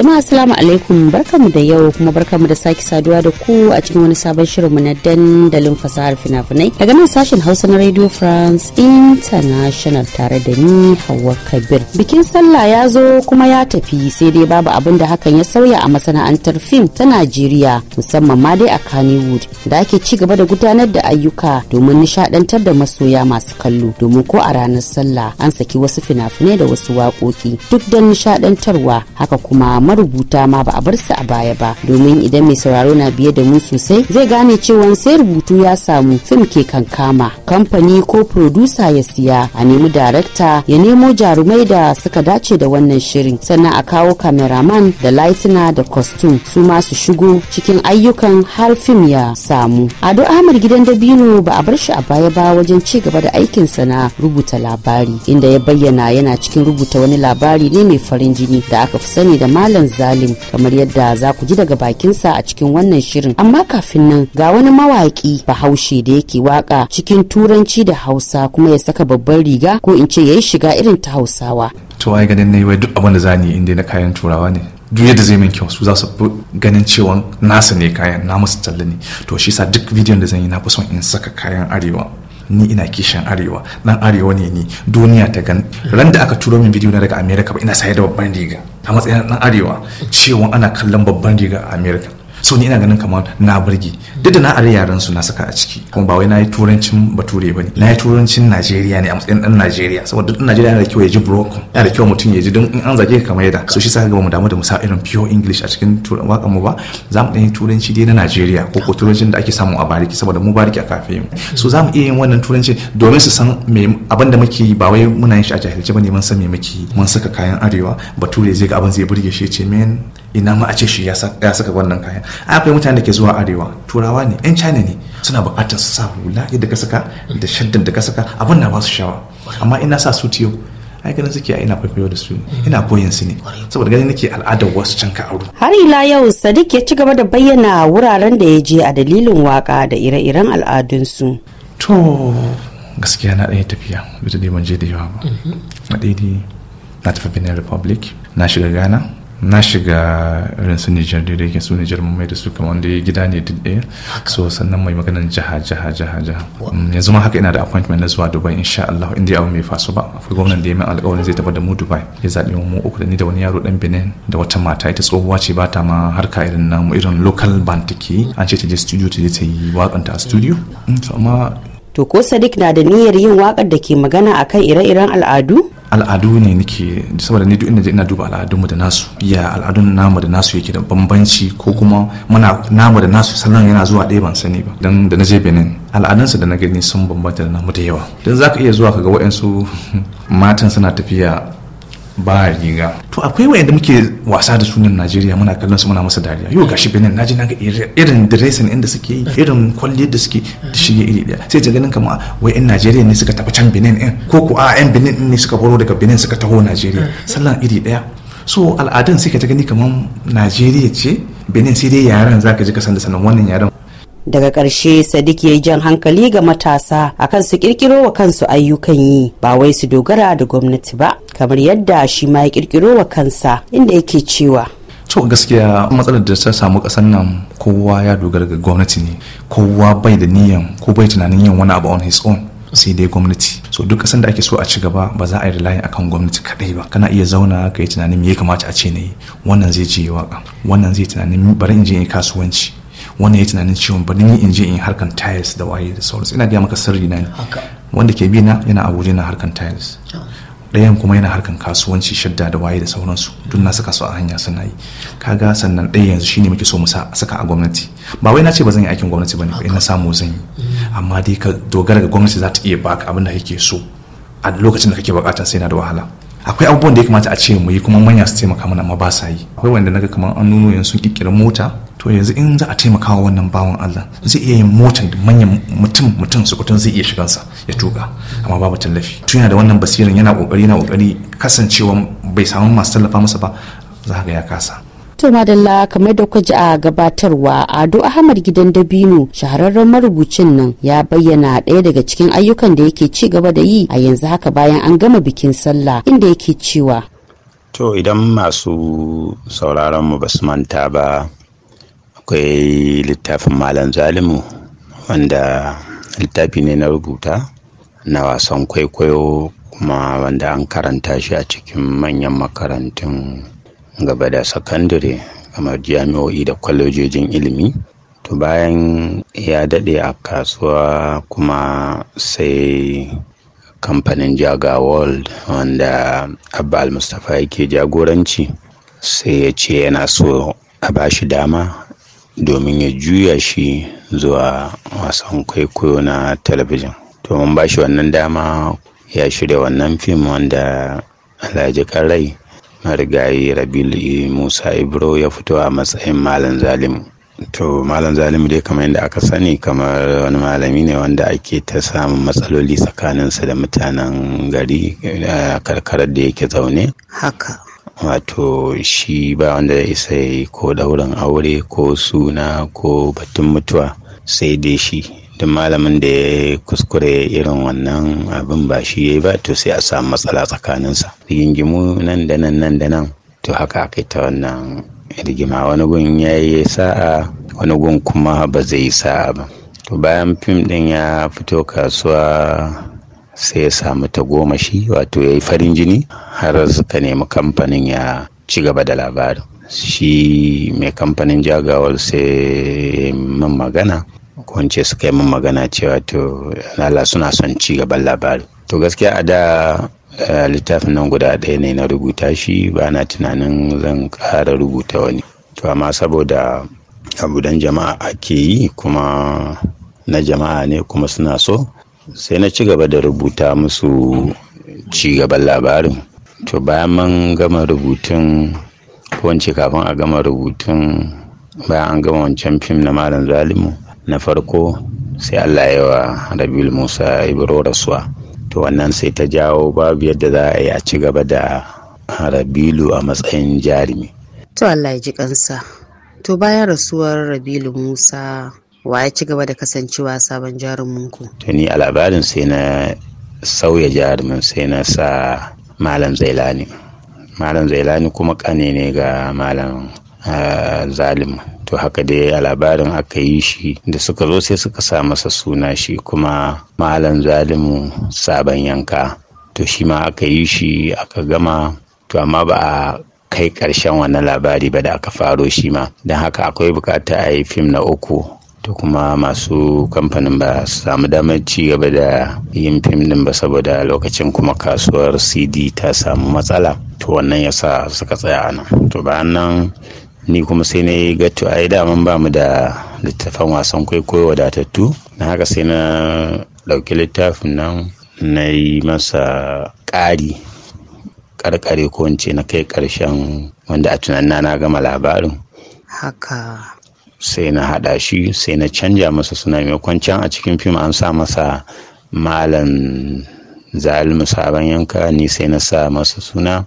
jama'a assalamu alaikum barkamu da yau kuma barkamu da sake saduwa da ku a cikin wani sabon shirin mu na dandalin fasahar fina-finai daga nan sashen hausa na radio france international tare da ni hawa kabir bikin sallah ya zo kuma ya tafi sai dai babu abin da hakan ya sauya a masana'antar fim ta najeriya musamman ma dai a kannywood da ake ci gaba da gudanar da ayyuka domin nishadantar da masoya masu kallo domin ko a ranar sallah an saki wasu fina-finai da wasu waƙoƙi duk don nishadantarwa haka kuma marubuta ma ba a bar su a baya ba domin idan mai sauraro na biye da mu sosai zai gane cewa sai rubutu ya samu fim ke kankama kamfani ko produsa ya siya a nemi darakta ya nemo jarumai da suka dace da wannan shirin sannan a kawo kameraman da laitina da kwastum su ma su shigo cikin ayyukan har fim ya samu ado ahmad gidan dabino ba a bar shi a baya ba wajen ci gaba da aikinsa na rubuta labari inda ya bayyana yana cikin rubuta wani labari ne mai farin jini da aka fi sani da malam Malam Zalim kamar yadda za ku ji daga bakin sa a cikin wannan shirin. Amma kafin nan ga wani mawaƙi bahaushe da yake waka cikin turanci da Hausa kuma ya saka babban riga ko in ce ya yi shiga irin ta Hausawa. To ai ganin ne wai duk abin da za ni inda na kayan turawa ne. duk yadda zai min kyau su za su ganin cewa nasa ne kayan na musu talle ne to shi sa duk bidiyon da zan yi na fi son in saka kayan arewa ni ina kishin arewa dan arewa ne ni duniya ta gan ran da aka turo min bidiyo na daga america ba ina saye da babban riga a matsayin dan arewa cewa ana kallon babban riga a america so ni ina ganin kamar na burge duk da na are yaran su na saka a ciki kuma ba wai na yi turancin bature ba ne na yi turancin najeriya ne a matsayin dan najeriya saboda duk najeriya yana da kyau ya ji broko yana da kyau mutum ya ji don in an zage ka kamar yadda so shi sa ga mu damu da mu sa irin pure english a cikin turan wakan mu ba za mu dan yi turanci dai na najeriya ko ko turancin da ake samu a bariki saboda mu bariki a kafe mu so za mu iya yin wannan turanci domin su san me abin da muke yi ba wai muna yin shi a jahilci ba ne mun san me muke yi mun saka kayan arewa bature zai ga abin zai burge shi ce men ina ma a ce shi ya saka wannan kayan akwai mutane da ke zuwa arewa turawa ne yan china ne suna bukatar sa hula yadda ka saka da shaddan da ka saka abin na basu shawa amma ina sa su tiyo ai ganin suke ina fafiyo da su ina koyin su ne saboda ganin nake al'adar wasu can ka aure har ila yau sadiq ya ci gaba da bayyana wuraren da ya je a dalilin waka da ire-iren al'adunsu to gaskiya na ɗaya tafiya bisa dai je da yawa ba mhm. na ɗaya na tafi benin republic na shiga ghana na shiga irin su Nijar da yake su Nijar mai da su kamar da gida ne duk ɗaya so sannan mai maganin jiha jiha jiha jiha mm, yanzu ma haka ina da appointment na zuwa Dubai insha Allah inda yawon mai faso ba akwai gwamnan da ya min alƙawarin zai tafi da mu Dubai ya zaɓi mu uku da ni da wani yaro ɗan Benin da wata mata ita tsohuwa ce ba ta ma harka irin namu irin local band take an ce ta je studio ta je ta yi waƙanta a studio mm, to ko Sadiq na da niyyar yin waƙar da ke magana akan ire-iren al'adu al'adu ne nake saboda ni duk inda ina duba al'adunmu da nasu ya al'adun namu da nasu yake da bambanci ko kuma muna namu da nasu sannan yana zuwa ɗaya ban sani ba dan da na je Benin al'adunsu da na gani sun bambanta da namu da yawa dan zaka iya zuwa kaga waɗansu matan suna tafiya ba riga to akwai wayanda muke wasa da sunan najeriya muna kallon su muna masa dariya yau gashi benin naji na ga irin dressing inda suke yi irin kwalliyar da suke da shige iri daya sai ta ganin kama wai yan najeriya ne suka tafi can benin in ko ko a yan benin ne suka baro daga benin suka taho najeriya sallan iri daya so al'adun ka ta gani kamar najeriya ce benin sai dai yaren zaka ji kasan da sanan wannan yaran daga ƙarshe sadiq ya jan hankali ga matasa akan su kirkiro wa kansu ayyukan yi ba wai su dogara da gwamnati ba kamar yadda shi ma ya kirkiro wa kansa inda yake cewa to gaskiya matsalar da ta samu kasar nan kowa ya dogara ga gwamnati ne kowa bai da niyan ko bai tunanin yin wani abu on his own sai dai gwamnati so duk kasan da ake so a ci gaba ba za a yi relying akan gwamnati kadai ba kana iya zauna ka yi tunanin me ya kamata a ce ne wannan zai je waka wannan zai tunanin bari in je in kasuwanci wannan ya tunanin ciwon bari ni in je in harkan tiles da waye da sauransu ina gaya maka sirri na ne wanda ke bi na yana abuja na harkan tiles ɗayan kuma yana harkan kasuwanci shadda da waye da sauransu duk na saka su a hanya suna yi kaga sannan ɗaya yanzu shine muke so mu saka a gwamnati ba wai na ce ba zan yi aikin gwamnati ba ne ba ina samu zan yi amma dai ka dogara ga gwamnati za ta iya baka abin da kake so a lokacin da kake bukata sai na da wahala akwai abubuwan da ya kamata a ce mu yi kuma manya su taimaka mana amma ba sa yi akwai wanda naga kamar an nuno yanzu sun kirkira mota to yanzu in za a taimaka wa wannan bawan Allah zai iya yin motan da manyan mutum mutum su kutun zai iya shigansa ya tuka amma babu tallafi tun yana da wannan basirin yana kokari yana kokari kasancewa bai samu masu tallafa masa ba za ga ya kasa To madalla kamar da kuka ji a gabatarwa Ado Ahmad Gidan Dabino shahararren marubucin nan ya bayyana ɗaya daga cikin ayyukan da yake ci gaba da yi a yanzu haka bayan an gama bikin sallah inda yake cewa. To idan masu sauraron mu basu manta ba akwai littafin Malam Zalimu wanda littafi ne na rubuta na wasan kwaikwayo kuma wanda an karanta shi a cikin manyan makarantun gaba da sakandare kamar jami'o'i da kwalejojin ilimi to bayan ya daɗe a kasuwa kuma sai kamfanin jaga world wanda abba al-mustapha yake jagoranci sai ya ce yana so a ba shi dama domin ya juya shi zuwa wasan kwaikwayo na talabijin domin ba shi wannan dama ya shirya wannan fim wanda alhaji karai marigayi rabil musa ibro ya fito a matsayin malam Zalim. to malam Zalim dai kamar yadda aka sani kamar wani malami ne wanda ake ta samun matsaloli tsakaninsa da mutanen gari karkarar da yake zaune haka wato shi ba wanda ya isa ko daurin aure ko suna ko batun mutuwa sai dai shi duk malamin da ya kuskure irin wannan abin ba shi ya yi ba to sai a samu matsala tsakaninsa rigingimu nan da nan nan da nan to haka aka ta wannan rigima wani gun ya yi sa'a wani gun kuma ba zai yi sa'a ba to bayan fim ɗin ya fito kasuwa sai ya samu ta goma shi, wato ya yi farin jini har suka nemi kamfanin ya ci gaba da labarin shi mai kamfanin jagawar sai min magana ko ce suka yi min magana cewa to Allah suna son ci gaban labarin. to gaskiya a da eh, littafin nan guda ɗaya ne na rubuta shi ba na tunanin zan ƙara rubuta wani to amma saboda abudan jama'a ake yi kuma na jama'a ne kuma suna so sai na ci gaba da rubuta musu ci gaban labarin to bayan man gama rubutun ko kafin a gama rubutun bayan an gama wancan fim na malam zalimu na farko sai allah ya wa rabiul musa ibro rasuwa to wannan sai ta jawo babu yadda za a yi a ci gaba da rabilu a matsayin jarumi to allah ya ji kansa to bayan rasuwar rabilu musa wa ya ci gaba da kasancewa sabon jarumin ku to ni a labarin sai na sauya jarumin sai na sa malam zailani malam zailani kuma kane ne ga malam eh, zalim to haka dai a labarin aka yi shi da suka zo sai suka sa masa suna shi kuma malam zalimu sabon yanka to shi ma aka yi shi aka gama to amma ba a kai karshen wannan labari ba da aka faro shi ma don haka akwai bukata a yi fim na uku to kuma masu kamfanin ba su samu damar ci gaba da yin fim din ba saboda lokacin kuma kasuwar cd ta samu matsala to wannan ya sa suka tsaya a nan to bayan nan ni kuma sai na yi gato a yi daman ba mu da littafan wasan kwaikwayo wadatattu na haka sai na ɗauki littafin nan na yi masa ƙari ƙarƙare ko in na kai ƙarshen wanda a tunanin na gama labarin haka sai na haɗa shi sai na canja masa suna maimakon can a cikin fim an sa masa malam zalimu sabon yanka ni sai na sa masa suna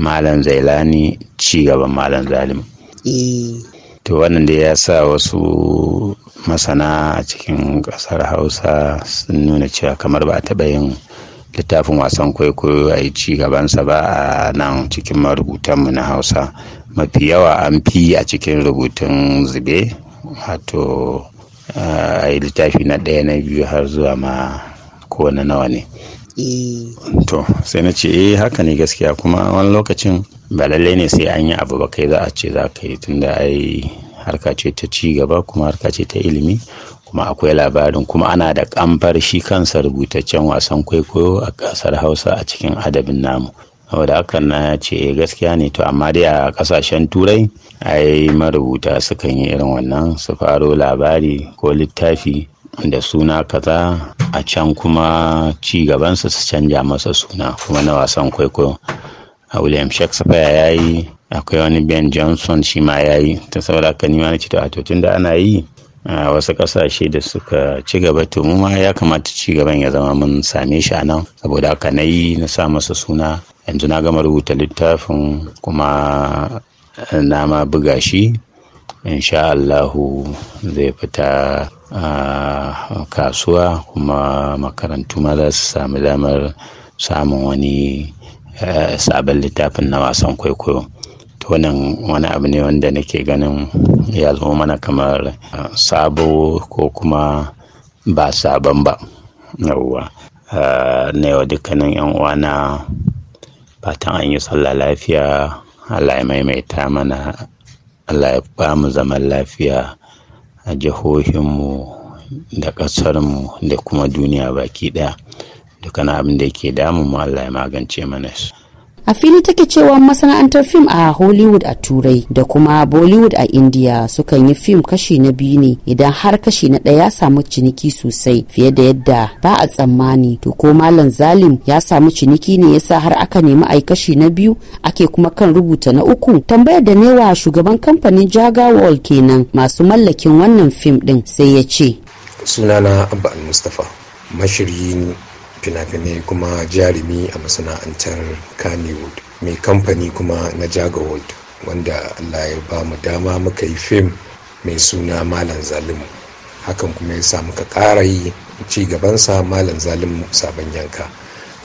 malam zailani ci gaban malam zalim eh. to wannan da ya sa wasu masana a cikin kasar hausa sun nuna cewa kamar ba a taɓa yin littafin wasan kwaikwayo a yi ci gabansa ba a nan cikin marubutanmu na hausa mafi yawa an fi a cikin rubutun zube wato eh, a yi littafi na ɗaya na biyu har zuwa ma kowane nawa ne Eh. to sai na ce eh haka ne gaskiya kuma wani lokacin ba lallai ne sai an yi abu ba kai za a ce za ka yi tunda ai harka ce ta ci gaba kuma harka ce ta ilimi kuma akwai labarin kuma ana da kamfar shi kansa rubutaccen wasan kwaikwayo a kasar hausa a cikin adabin namu da hakan na ce eh, gaskiya ne to amma dai a kasashen turai ai marubuta sukan yi irin wannan su faro labari ko littafi da suna kaza a can kuma ci gabansa su canja masa suna kuma na wasan kwaikwayo a william shakespeare ya yi akwai wani ben johnson shi ma ya yi ta saboda ka nima na ce a tun da ana yi a wasu kasashe da suka ci gaba to mu ma ya kamata ci gaban ya zama mun same shi a nan saboda haka na yi na sa masa suna yanzu na gama rubuta littafin kuma eh, na ma buga shi insha Allahu zai fita a kasuwa kuma makarantu ma za su sami damar samun wani eh, sabon littafin na wasan kwaikwayo to wani abu ne wanda nake ganin ya zama mana kamar eh, sabo ko kuma ba sabon ba yawwa eh, na yau dukkanin yan uwana fatan an yi sallah lafiya Allah ya maimaita mana Allah ya ba mu zaman lafiya a jihohinmu da ƙasarmu da kuma duniya baki ɗaya dukkan abin da yake damun mu Allah ya magance mana su a fili take cewa masana'antar fim a hollywood a turai da kuma bollywood a india sukan yi fim kashi na biyu ne idan har kashi na ɗaya samu ciniki sosai fiye da yadda ba a tsammani to ko malam zalim ya samu ciniki ne yasa har aka nemi a kashi na biyu ake kuma kan rubuta na uku tambayar da newa shugaban kamfanin jaga wall kenan masu mallakin wannan fim din sai ya ce sunana abba al-mustafa mashiryin fina-finai kuma jarumi a masana'antar kannywood mai kamfani kuma na jagawood wanda allah ya ba mu dama muka yi fim mai suna malam zalimu hakan kuma ya sa muka ƙara yi ci gabansa malam zalimu sabon yanka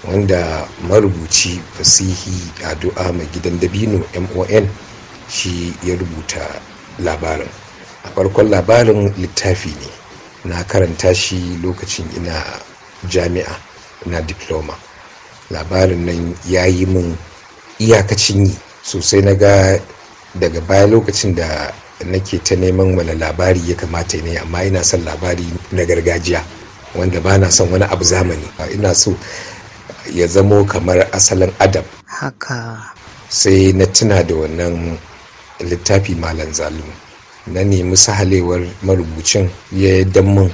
wanda marubuci fasihi addu'a mai gidan dabino mon shi ya rubuta labarin a farkon labarin littafi ne na karanta shi lokacin ina jami'a na diploma labarin nan ya yi min iyakacin yi sosai na ga daga baya lokacin da nake ta neman wani labari ya kamata ne amma ina son labari na gargajiya wanda ba na son wani abu zamani ina so ya zamo kamar asalin adam. haka sai na tuna da wannan littafi malam zalum na nemi sahalewar marubucin ya yi mun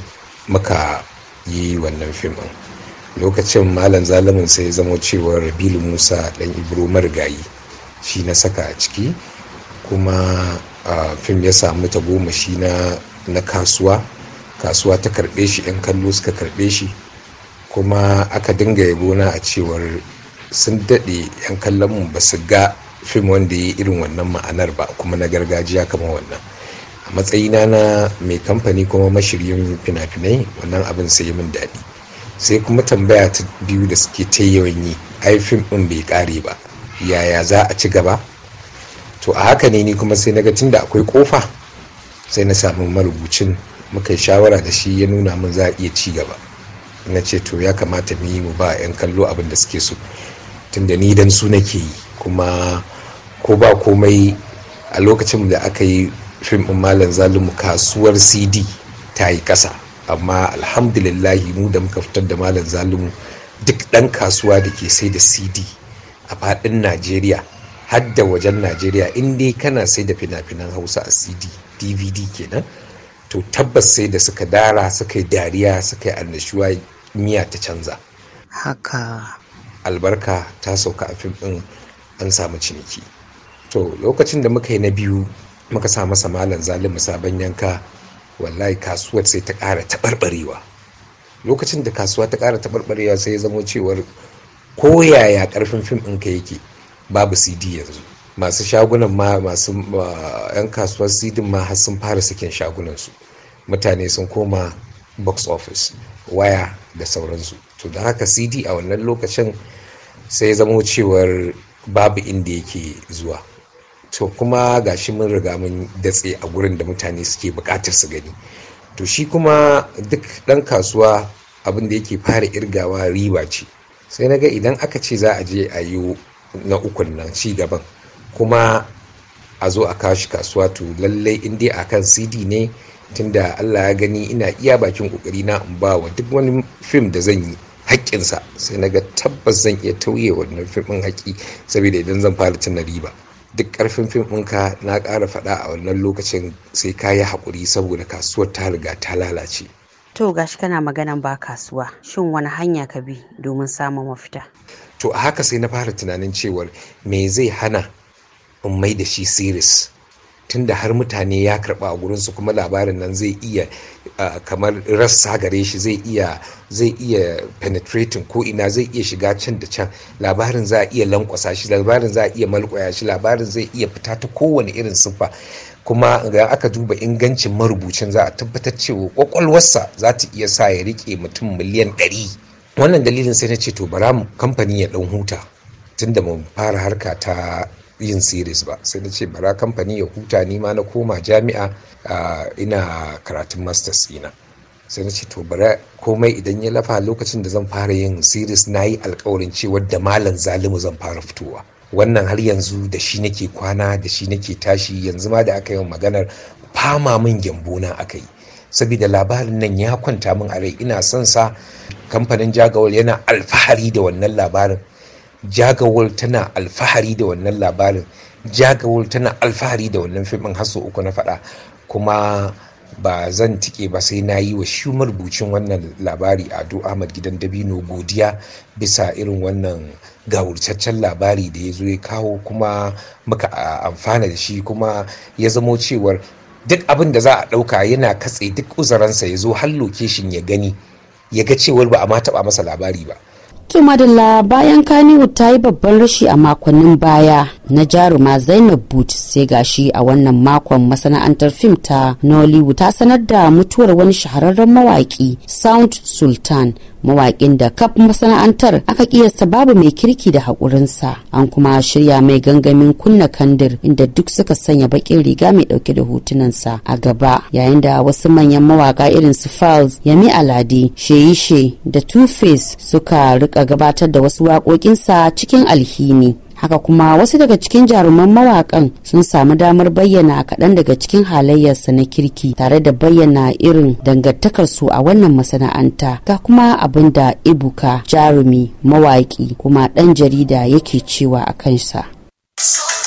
maka yi wannan fim ɗin lokacin malam zalimin sai ya zama cewar bilu musa dan ibro marigayi shi na saka a ciki kuma fim ya samu ta goma shi na kasuwa kasuwa ta karbe shi 'yan kallo suka karbe shi kuma aka dinga ya gona a cewar sun daɗe 'yan kallon mu ba su ga fim wanda ya yi irin wannan ma'anar ba kuma na gargajiya kama wannan a matsayina na mai kamfani kuma mashiryin fina-finai wannan abin sai min daɗi sai kuma tambaya ta biyu da suke ta yawan yi ai fim ɗin bai ƙare ba yaya za a ci gaba to a haka ne ni kuma sai na ga tunda akwai kofa sai na samu marubucin muka yi shawara da shi ya nuna min za a iya ci gaba na ce to ya kamata mu yi mu ba 'yan kallo abin da suke so tunda ni dan su nake yi kuma ko ba komai a lokacin da aka yi fim ɗin malam zalimu kasuwar cd ta yi ƙasa amma alhamdulillah mu da muka fitar da malam zalimu duk ɗan kasuwa da ke sai da cd a faɗin najeriya har da wajen najeriya in dai kana sai da fina-finan hausa a cd dvd kenan to tabbas sai da suka dara suka yi dariya suka yi annashuwa miya ta canza haka albarka ta sauka a fim ɗin an samu ciniki to lokacin da muka yi na biyu muka sa masa malam zalimu sabon yanka wallahi kasuwar sai ta ƙara taɓarɓarewa lokacin da kasuwa ta ƙara taɓarɓarewa sai ya zamo cewar koyaya ƙarfin fim ɗinka yake babu cd yanzu masu shagunan ma masu yan kasuwar cd ma har sun fara sakin shagunansu mutane sun koma box office waya da sauransu to da haka cd a wannan lokacin sai ya zamo cewar babu inda yake zuwa to kuma ga shi mun riga mun datse a gurin da mutane suke bukatar su gani to shi kuma duk ɗan kasuwa abin da yake fara irgawa riba ce sai na ga idan aka ce za a je a yi na ukun nan ci gaban kuma a zo a kashi kasuwa to lallai in dai akan cd ne tunda allah ya gani ina iya bakin kokari na in ba duk wani fim da zan yi haƙƙinsa sai na ga tabbas zan iya tauye wannan fim ɗin haƙƙi saboda idan zan fara cin riba duk ƙarfin fim ɗinka na ƙara faɗa a wannan lokacin sai ka yi haƙuri saboda kasuwar ta riga ta lalace to gashi kana maganan ba kasuwa shin wani hanya ka bi domin samun mafita to a haka sai na fara tunanin cewar me zai hana in mai da shi Siris? tunda har mutane ya karba a su kuma labarin nan zai iya kamar rassa gare shi zai iya zai iya penetrating ko ina zai iya shiga can da can labarin za a iya lankwasa shi labarin za a iya malkwaya shi labarin zai iya fita ta kowane irin siffa kuma ga aka duba ingancin marubucin za a tabbatar cewa kwakwalwarsa za ta iya sa ya rike mutum miliyan ɗari wannan dalilin sai na ce to bara kamfani ya ɗan huta tunda mun fara harka ta yin series ba sai na ce bara kamfani ya huta ni ma na koma jami'a ina karatun masters ina sai na ce to bara komai idan ya lafa lokacin da zan fara yin series na yi alkawarin cewa da malam zalimu zan fara fitowa wannan har yanzu da shi nake kwana da shi nake tashi yanzu ma da aka yi maganar fama min gyambo na aka yi saboda labarin nan ya kwanta min a rai ina son sa kamfanin jagawar yana alfahari da wannan labarin jagawal tana alfahari da wannan labarin jagawal tana alfahari da wannan fim har sau uku na faɗa kuma ba zan tike ba sai na yi wa shi marubucin wannan labari a ado ahmad gidan dabino godiya bisa irin wannan gawurtaccen labari da ya zo ya kawo kuma muka amfana da shi kuma ya zamo cewar duk abin da za a ɗauka yana katse duk uzuransa ya zo har lokeshin ya gani ya ga cewar ba a ma taɓa masa labari ba To bayan kani ta yi babban rashi a makonnin baya na jaruma zainab boot sai gashi a wannan makon masana'antar fim ta nollywood ta sanar da mutuwar wani shahararren mawaki sound sultan mawaƙin da kaf masana'antar aka kiyasta babu mai kirki da haƙurinsa an kuma shirya mai gangamin kunna kandir inda duk suka sanya baƙin riga mai ɗauke da hotunansa a gaba yayin da wasu manyan mawaƙa irin su files yami alade sheyishe da two face suka rika gabatar da wasu waƙoƙinsa cikin alhini haka kuma wasu daga cikin jaruman mawakan sun samu damar bayyana kaɗan daga cikin halayyarsa na kirki tare da bayyana irin dangantakarsu a wannan masana'anta ga kuma abin da ibuka jarumi mawaki kuma ɗan jarida yake cewa a kansa.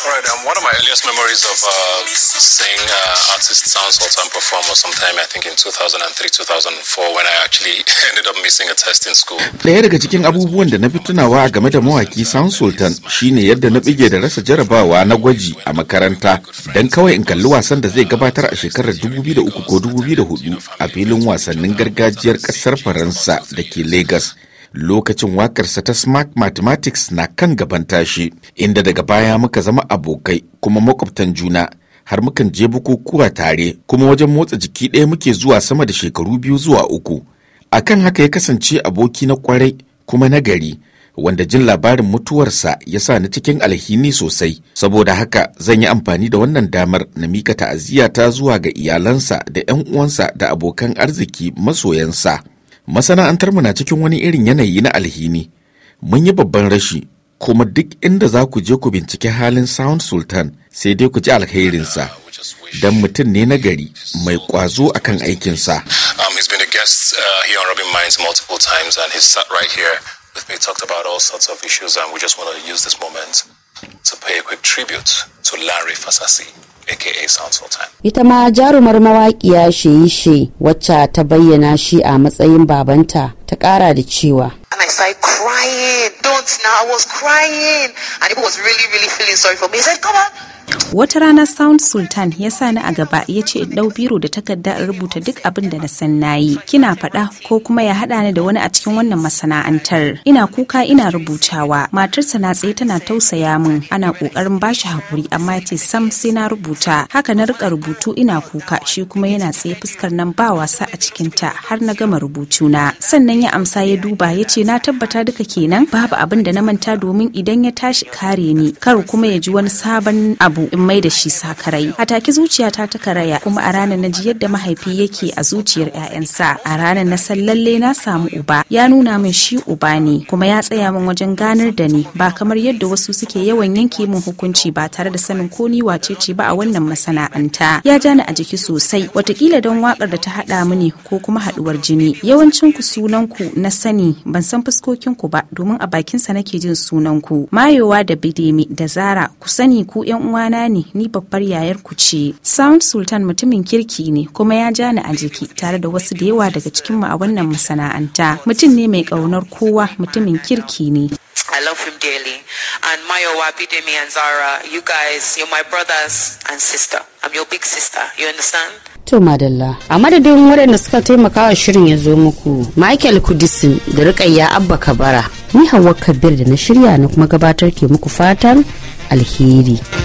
All right, um, one of my earliest memories of uh, seeing uh, artist Sound Sultan perform was sometime I think in 2003 2004 when I actually ended up missing a test in school. Ɗaya daga cikin abubuwan da na fi tunawa game da mawaki Sound Sultan shine yadda na bige da rasa jarabawa na gwaji a makaranta dan kawai in kalli wasan da zai gabatar a shekarar 2003 ko 2004 a filin wasannin gargajiyar ƙasar Faransa da ke Lagos. lokacin wakarsa ta smart mathematics na kan gaban tashi inda daga baya muka zama abokai kuma makwabtan juna har mukan je bukukuwa tare kuma wajen motsa jiki ɗaya muke zuwa sama da shekaru biyu zuwa uku akan haka ya kasance aboki na kwarai kuma na gari wanda jin labarin mutuwarsa ya sa ni cikin alhini sosai saboda haka zan yi amfani da wannan damar na mika ta'aziyya zuwa ga iyalansa da 'yan uwansa da abokan arziki masoyansa masana'antarmu na cikin wani irin yanayi na alhini mun yi babban rashi kuma duk inda za ku je ku bincike halin sound sultan sai dai ku ji alkhairinsa don mutum ne na gari mai kwazo akan aikinsa We um, uh, talked about all sorts of issues, and we just want to use this moment to pay a quick tribute to Larry Fasasi. aka Sounds Time. Ita ma jarumar mawaƙiya Sheyi wacce ta bayyana shi a matsayin babanta ta ƙara da cewa. And I started crying, don't now, I was crying. And he was really, really feeling sorry for me. He said, come on, wata rana sound sultan ya sa ni a gaba ya ce in ɗau biro da takarda in rubuta duk abin da na san nayi kina faɗa ko kuma ya haɗa ni da wani a cikin wannan masana'antar ina kuka ina rubutawa matarsa na tsaye tana tausaya min ana ƙoƙarin bashi haƙuri amma ya ce sam sai na rubuta haka na riƙa rubutu ina kuka shi kuma yana tsaye fuskar nan ba wasa a cikin ta har na gama rubutuna sannan ya amsa ya duba ya ce na tabbata duka kenan babu abin da na manta domin idan ya tashi kare ni kar kuma ya ji wani sabon abu abu in mai da shi sakarai a take zuciyata ta karaya kuma a ranar na ji yadda mahaifi yake a zuciyar 'ya'yansa a ranar na san lalle na samu uba ya nuna min shi uba ne kuma ya tsaya min wajen ganar da ni ba kamar yadda wasu suke yawan yanke min hukunci ba tare da sanin ko ni wace ce ba a wannan masana'anta ya jani a jiki sosai watakila don wakar da ta haɗa mini ko kuma haɗuwar jini yawancin ku sunan ku na sani ban san fuskokin ku ba domin a bakin sa nake jin sunan ku mayowa da bidemi da zara ku sani ku yan uwa kwana ne ni babbar yayar ku ce sound sultan mutumin kirki ne kuma ya ja a jiki tare da wasu da yawa daga cikin mu a wannan masana'anta mutum ne mai ƙaunar kowa mutumin kirki ne I love him dearly. And Bidemi and Zara, you guys, you're my brothers and sister. I'm your big sister. You understand? To Madalla, a madadin waɗanda suka taimaka wa shirin ya zo muku, Michael Kudisin da Rukayya Abba Kabara, ni hawa Kabir da na shirya na kuma gabatar ke muku fatan alheri.